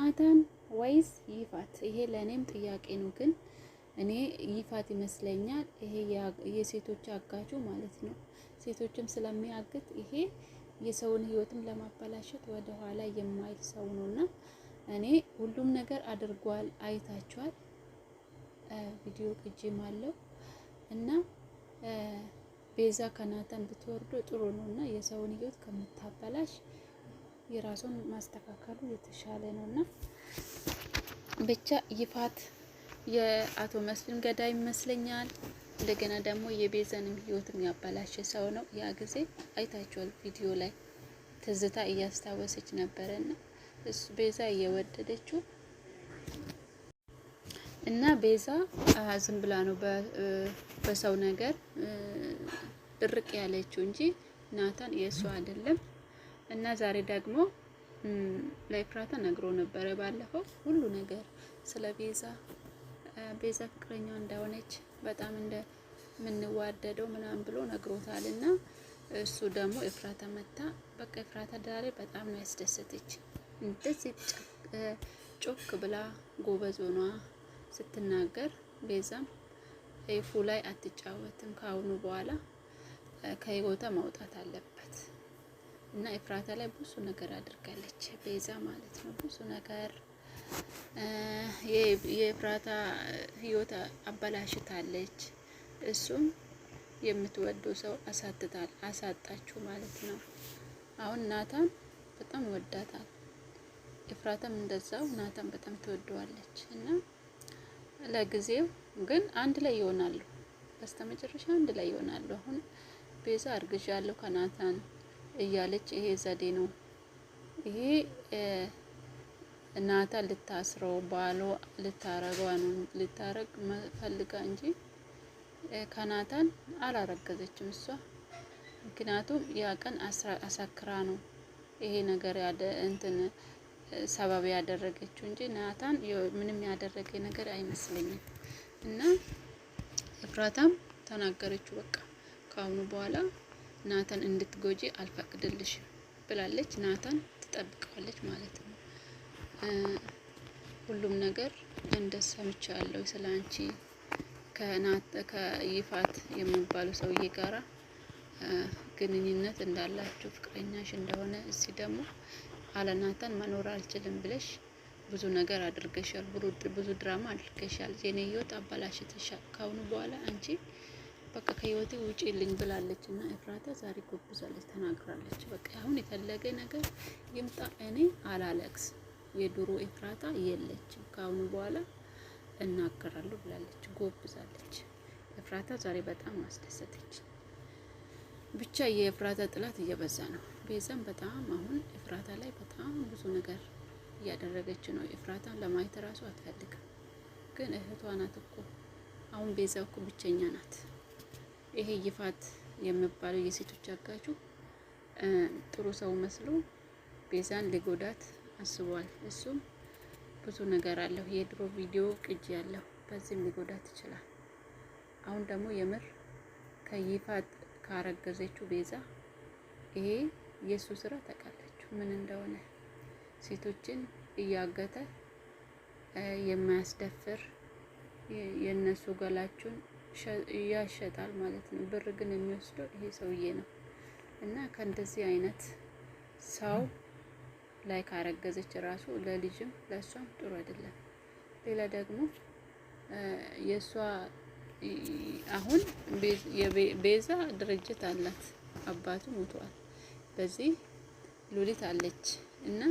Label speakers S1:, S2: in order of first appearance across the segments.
S1: ናታን ወይስ ይፋት? ይሄ ለእኔም ጥያቄ ነው። ግን እኔ ይፋት ይመስለኛል። ይሄ የሴቶች አጋቹ ማለት ነው። ሴቶችም ስለሚያግት ይሄ የሰውን ህይወትም ለማበላሸት ወደኋላ የማይል ሰው ነውና እኔ ሁሉም ነገር አድርጓል። አይታችኋል። ቪዲዮ ቅጂም አለው እና ቤዛ ከናታን ብትወርዶ ጥሩ ነው እና የሰውን ህይወት ከምታበላሽ የራሱን ማስተካከሉ የተሻለ ነው እና ብቻ ይፋት የአቶ መስፍን ገዳይ ይመስለኛል። እንደገና ደግሞ የቤዘንም ህይወት ያበላሸ ሰው ነው። ያ ጊዜ አይታችኋል ቪዲዮ ላይ ትዝታ እያስታወሰች ነበረ እና ቤዛ እየወደደችው እና ቤዛ ዝም ብላ ነው በሰው ነገር ድርቅ ያለችው እንጂ ናታን የእሱ አይደለም። እና ዛሬ ደግሞ ለኤፍራታ ነግሮ ነበረ ባለፈው ሁሉ ነገር ስለ ቤዛ ቤዛ ፍቅረኛው እንደሆነች በጣም እንደምንዋደደው ምናምን ብሎ ነግሮታል። እና እሱ ደግሞ ኤፍራታ መታ በቃ ኤፍራታ ዛሬ በጣም ነው ያስደሰተች። እንደዚህ ጮክ ብላ ጎበዝ ሆኗ ስትናገር ቤዛም ኤፉ ላይ አትጫወትም፣ ከአሁኑ በኋላ ከህይወቷ ማውጣት አለብን እና ኤፍራታ ላይ ብዙ ነገር አድርጋለች። ቤዛ ማለት ነው ብዙ ነገር የኤፍራታ ህይወት አበላሽታለች። እሱም የምትወደው ሰው አሳትታል አሳጣችሁ ማለት ነው። አሁን ናታን በጣም ይወዳታል። ኤፍራታም እንደዛው ናታን በጣም ትወደዋለች። እና ለጊዜው ግን አንድ ላይ ይሆናሉ። በስተመጨረሻ አንድ ላይ ይሆናሉ። አሁን ቤዛ አርግዣለሁ ከናታን እያለች ይሄ ዘዴ ነው። ይሄ እናታ ልታስረው ባሎ ልታረገዋ ነው ልታረግ ፈልጋ እንጂ ከናታን አላረገዘችም እሷ። ምክንያቱም ያ ቀን አሳክራ ነው ይሄ ነገር ያደ እንትን ሰበብ ያደረገችው እንጂ ናታን ምንም ያደረገ ነገር አይመስለኝም። እና እፍራታም ተናገረችው በቃ ከአሁኑ በኋላ ናታን እንድትጎጂ አልፈቅድልሽም ብላለች። ናታን ትጠብቀዋለች ማለት ነው። ሁሉም ነገር እንደ ሰምቻለሁ ስለ አንቺ ከይፋት የሚባለው ሰውዬ ጋራ ግንኙነት እንዳላችሁ ፍቅረኛሽ እንደሆነ እዚህ ደግሞ አለናታን መኖር አልችልም ብለሽ ብዙ ነገር አድርገሻል፣ ብዙ ድራማ አድርገሻል፣ የኔ ህይወት አበላሽተሻል። ካሁኑ በኋላ አንቺ በቃ ከህይወቴ ውጪ ልኝ ብላለች እና እፍራታ ዛሬ ጎብዛለች፣ ተናግራለች። በቃ አሁን የፈለገ ነገር ይምጣ፣ እኔ አላለቅስ። የድሮ እፍራታ የለችም፣ ከአሁኑ በኋላ እናገራለሁ ብላለች፣ ጎብዛለች። እፍራታ ዛሬ በጣም አስደሰተች። ብቻ የእፍራታ ጥላት እየበዛ ነው። ቤዛም በጣም አሁን እፍራታ ላይ በጣም ብዙ ነገር እያደረገች ነው። እፍራታን ለማየት ራሱ አትፈልግም፣ ግን እህቷ ናት እኮ አሁን ቤዛ እኮ ብቸኛ ናት። ይሄ ይፋት የሚባለው የሴቶች አጋቹ ጥሩ ሰው መስሎ ቤዛን ሊጎዳት አስቧል። እሱም ብዙ ነገር አለው። የድሮ ቪዲዮ ቅጂ ያለው በዚህም ሊጎዳት ይችላል። አሁን ደግሞ የምር ከይፋት ካረገዘችው ቤዛ ይሄ የእሱ ስራ ታውቃለች ምን እንደሆነ ሴቶችን እያገተ የሚያስደፍር የእነሱ ገላችሁን ያሸጣል ማለት ነው። ብር ግን የሚወስደው ይሄ ሰውዬ ነው እና ከእንደዚህ አይነት ሰው ላይ ካረገዘች ራሱ ለልጅም ለእሷም ጥሩ አይደለም። ሌላ ደግሞ የእሷ አሁን ቤዛ ድርጅት አላት፣ አባቱ ሞተዋል። በዚህ ሉሊት አለች እና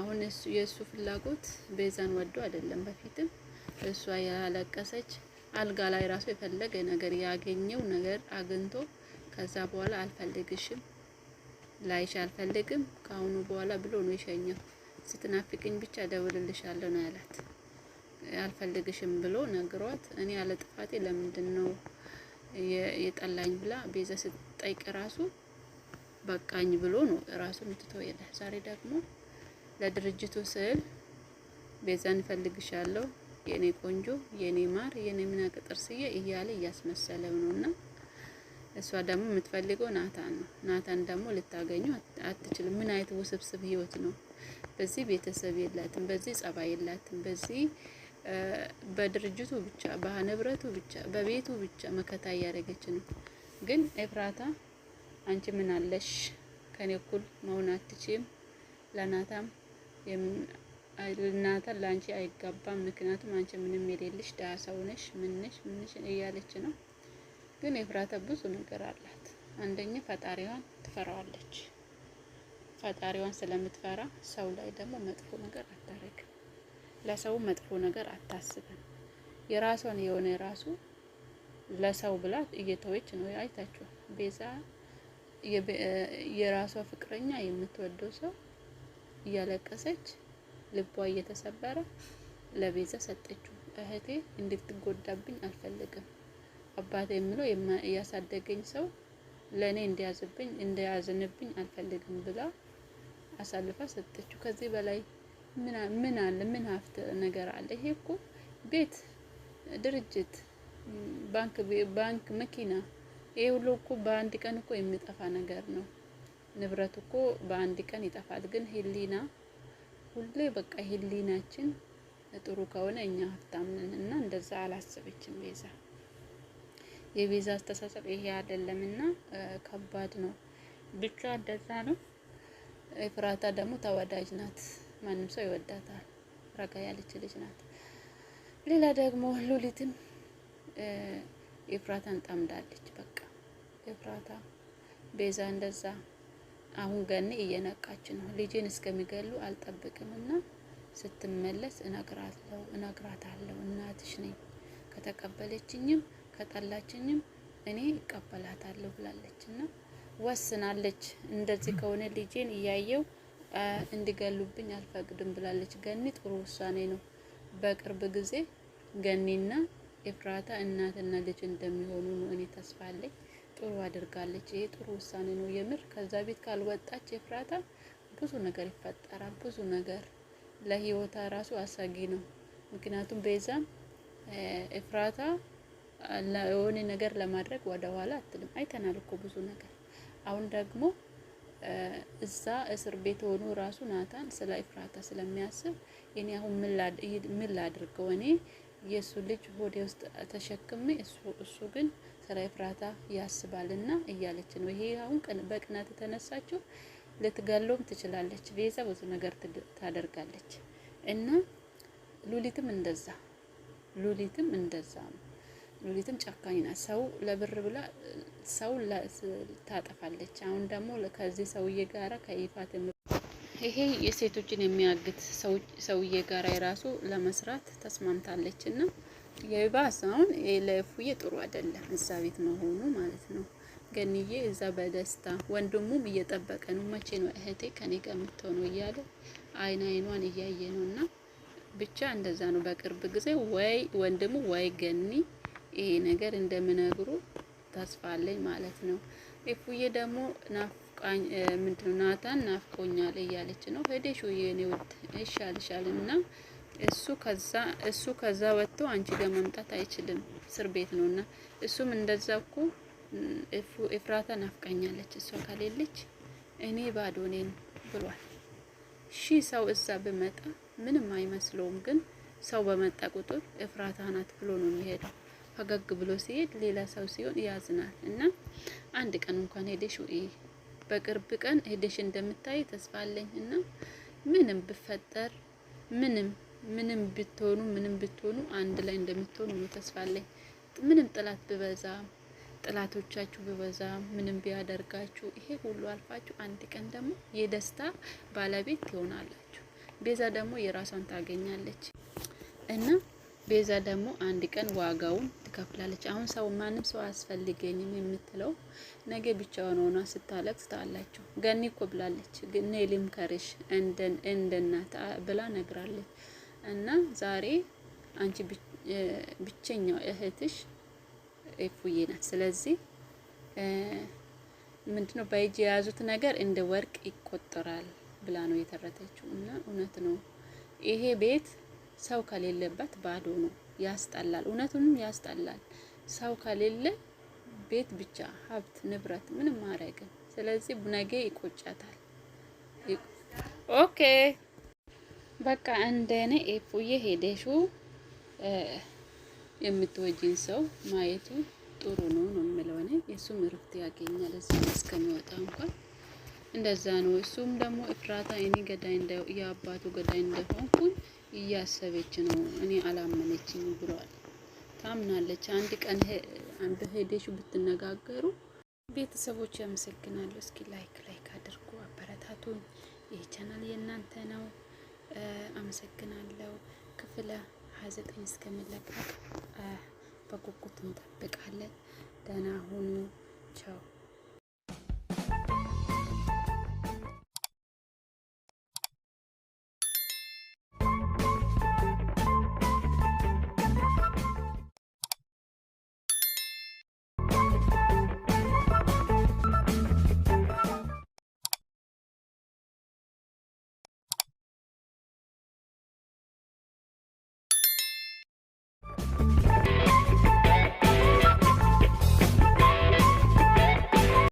S1: አሁን የእሱ ፍላጎት ቤዛን ወዶ አይደለም። በፊትም እሷ ያለቀሰች አልጋ ላይ ራሱ የፈለገ ነገር ያገኘው ነገር አግኝቶ ከዛ በኋላ አልፈልግሽም ላይሽ አልፈልግም ከአሁኑ በኋላ ብሎ ነው የሸኘው። ስትናፍቅኝ ብቻ ደውልልሻለሁ ነው ያላት። አልፈልግሽም ብሎ ነግሯት እኔ ያለ ጥፋቴ ለምንድን ነው የጠላኝ ብላ ቤዛ ስትጠይቅ ራሱ በቃኝ ብሎ ነው ራሱን ትቶ ሄደ። ዛሬ ደግሞ ለድርጅቱ ስል ቤዛን እፈልግሻለሁ የኔ ቆንጆ፣ የኔ ማር፣ የኔ ምናቅ ጥርስዬ እያለ እያስመሰለው ነው እና እሷ ደግሞ የምትፈልገው ናታን ነው። ናታን ደግሞ ልታገኙ አትችልም። ምን አይነት ውስብስብ ህይወት ነው! በዚህ ቤተሰብ የላትም፣ በዚህ ጸባይ የላትም፣ በዚህ በድርጅቱ ብቻ በንብረቱ ብቻ በቤቱ ብቻ መከታ እያደረገች ነው። ግን ኤፍራታ አንቺ ምን አለሽ? ከኔ እኩል መሆን አትችም። ለናታም እናተ ለአንቺ አይጋባም። ምክንያቱም አንቺ ምንም የሌለሽ ድሀ ሰው ነሽ፣ ምንሽ ምንሽ እያለች ነው። ግን የፍራተ ብዙ ነገር አላት። አንደኛ ፈጣሪዋን ትፈራዋለች። ፈጣሪዋን ስለምትፈራ ሰው ላይ ደግሞ መጥፎ ነገር አታረግም። ለሰው መጥፎ ነገር አታስብም። የራሷን የሆነ ራሱ ለሰው ብላት እየተወች ነው። አይታችሁ ቤዛ የራሷ ፍቅረኛ የምትወደው ሰው እያለቀሰች ልቧ እየተሰበረ ለቤዛ ሰጠችው። እህቴ እንድትጎዳብኝ አልፈልግም። አባቴ የምለው እያሳደገኝ ሰው ለእኔ እንዲያዝብኝ እንዲያዝንብኝ አልፈልግም ብላ አሳልፋ ሰጠችው። ከዚህ በላይ ምን አለ? ምን ሀብት ነገር አለ? ይሄ እኮ ቤት፣ ድርጅት፣ ባንክ፣ ባንክ መኪና፣ ይሄ ሁሉ እኮ በአንድ ቀን እኮ የሚጠፋ ነገር ነው። ንብረት እኮ በአንድ ቀን ይጠፋል። ግን ህሊና ሁሌ በቃ ህሊናችን ጥሩ ከሆነ እኛ ሀብታም ነን እና እንደዛ አላሰበችም ቤዛ። የቤዛ አስተሳሰብ ይሄ አይደለም እና ከባድ ነው። ብቻ እንደዛ ነው። ኤፍራታ ደግሞ ተወዳጅ ናት፣ ማንም ሰው ይወዳታል። ረጋ ያለች ልጅ ናት። ሌላ ደግሞ ሉሊትም ኤፍራታን እንጣምዳለች በቃ ኤፍራታ ቤዛ እንደዛ አሁን ገኒ እየነቃች ነው። ልጄን እስከሚገሉ አልጠብቅም እና ስትመለስ እነግራለሁ እነግራታለሁ እናትሽ ነኝ ከተቀበለችኝም ከጠላችኝም እኔ እቀበላታለሁ ብላለች እና ወስናለች። እንደዚህ ከሆነ ልጄን እያየው እንዲገሉብኝ አልፈቅድም ብላለች። ገኒ ጥሩ ውሳኔ ነው። በቅርብ ጊዜ ገኒና ኤፍራታ እናትና ልጅ እንደሚሆኑ ነው እኔ ተስፋ አለኝ። ጥሩ አድርጋለች። ይሄ ጥሩ ውሳኔ ነው የምር። ከዛ ቤት ካልወጣች የፍራታ ብዙ ነገር ይፈጠራል። ብዙ ነገር ለህይወታ ራሱ አሳጊ ነው። ምክንያቱም ቤዛም እፍራታ የሆነ ነገር ለማድረግ ወደ ኋላ አትልም። አይተናል እኮ ብዙ ነገር። አሁን ደግሞ እዛ እስር ቤት ሆኖ ራሱ ናታን ስለ እፍራታ ስለሚያስብ እኔ አሁን ምን ላድርገው እኔ የእሱ ልጅ ሆዴ ውስጥ ተሸክሜ እሱ ግን ስለ ኤፍራታ ያስባልና እያለች ነው። ይሄ አሁን ቀን በቅናት ተነሳችሁ ልትገለውም ትችላለች። ቤዛ ብዙ ነገር ታደርጋለች እና ሉሊትም እንደዛ ሉሊትም እንደዛ ነው። ሉሊትም ጨካኝ ናት። ሰው ለብር ብላ ሰው ታጠፋለች። አሁን ደግሞ ከዚህ ሰውዬ ጋራ ከይፋት ይሄ የሴቶችን የሚያግት ሰውዬ ጋራ የራሱ ለመስራት ተስማምታለች እና የባስ አሁን ለፉዬ ጥሩ አይደለም፣ እዛ ቤት መሆኑ ማለት ነው። ገንዬ እዛ በደስታ ወንድሙም እየጠበቀ ነው። መቼ ነው እህቴ ከኔ ጋር የምትሆነው እያለ አይን አይኗን እያየ ነው። እና ብቻ እንደዛ ነው። በቅርብ ጊዜ ወይ ወንድሙ ወይ ገኒ ይሄ ነገር እንደምነግሩ ተስፋ አለኝ ማለት ነው። ፉዬ ደግሞ ናፍቃኝ ምንድነው ናታን ናፍቆኛል እያለች ነው። ሄደሽ የኔ ውድ ይሻልሻል እና እሱ ከዛ ወጥቶ አንቺ ጋር መምጣት አይችልም፣ እስር ቤት ነውና እሱም እንደዛ እኮ ኤፍራታ ናፍቃኛለች፣ እሷ ካሌለች እኔ ባዶ ነኝ ብሏል። ሺ ሰው እዛ ብመጣ ምንም አይመስለውም፣ ግን ሰው በመጣ ቁጥር እፍራታ ናት ብሎ ነው የሚሄደው። ፈገግ ብሎ ሲሄድ ሌላ ሰው ሲሆን ያዝናል። እና አንድ ቀን እንኳን ሄደሽ ውይ፣ በቅርብ ቀን ሄደሽ እንደምታይ ተስፋ አለኝ እና ምንም ብፈጠር ምንም ምንም ብትሆኑ ምንም ብትሆኑ አንድ ላይ እንደምትሆኑ ነው ተስፋ አለኝ። ምንም ጥላት ብበዛ ጥላቶቻችሁ ብበዛ ምንም ቢያደርጋችሁ ይሄ ሁሉ አልፋችሁ አንድ ቀን ደግሞ የደስታ ባለቤት ትሆናላችሁ። ቤዛ ደግሞ የራሷን ታገኛለች እና ቤዛ ደግሞ አንድ ቀን ዋጋውን ትከፍላለች። አሁን ሰው ማንም ሰው አስፈልገኝም የምትለው ነገ ብቻዋን ሆኗ ስታለቅስ ታላችሁ። ገኒ እኮ ብላለች፣ ግን ልምከርሽ እንደናት ብላ ነግራለች። እና ዛሬ አንቺ ብቸኛው እህትሽ ኤፉዬ ናት። ስለዚህ ምንድነው በእጅ የያዙት ነገር እንደ ወርቅ ይቆጠራል ብላ ነው የተረተችው። እና እውነት ነው። ይሄ ቤት ሰው ከሌለበት ባዶ ነው፣ ያስጠላል። እውነቱንም ያስጠላል። ሰው ከሌለ ቤት ብቻ ሀብት ንብረት ምንም አረግም። ስለዚህ ነገ ይቆጫታል። ኦኬ በቃ እንደኔ ኤፉዬ ሄደሹ የምትወጂን ሰው ማየቱ ጥሩ ነው ነው የምለው እኔ። የእሱም እረፍት ያገኛል እዚህ እስከሚወጣ እንኳን እንደዛ ነው። እሱም ደግሞ እፍራታ እኔ ገዳይ እንደ የአባቱ ገዳይ እንደሆንኩኝ እያሰበች ነው እኔ አላመነችኝ ብለዋል። ታምናለች። አንድ ቀን አንድ ሄደሹ ብትነጋገሩ ቤተሰቦች ያመሰግናሉ። እስኪ ላይክ ላይክ አድርጉ፣ አበረታቱን። ይህ ቻናል የእናንተ ነው። አመሰግናለሁ። ክፍለ ሀያ ዘጠኝ እስከሚለቀቅ በጉጉት እንጠብቃለን። ደህና ሁኑ። ቻው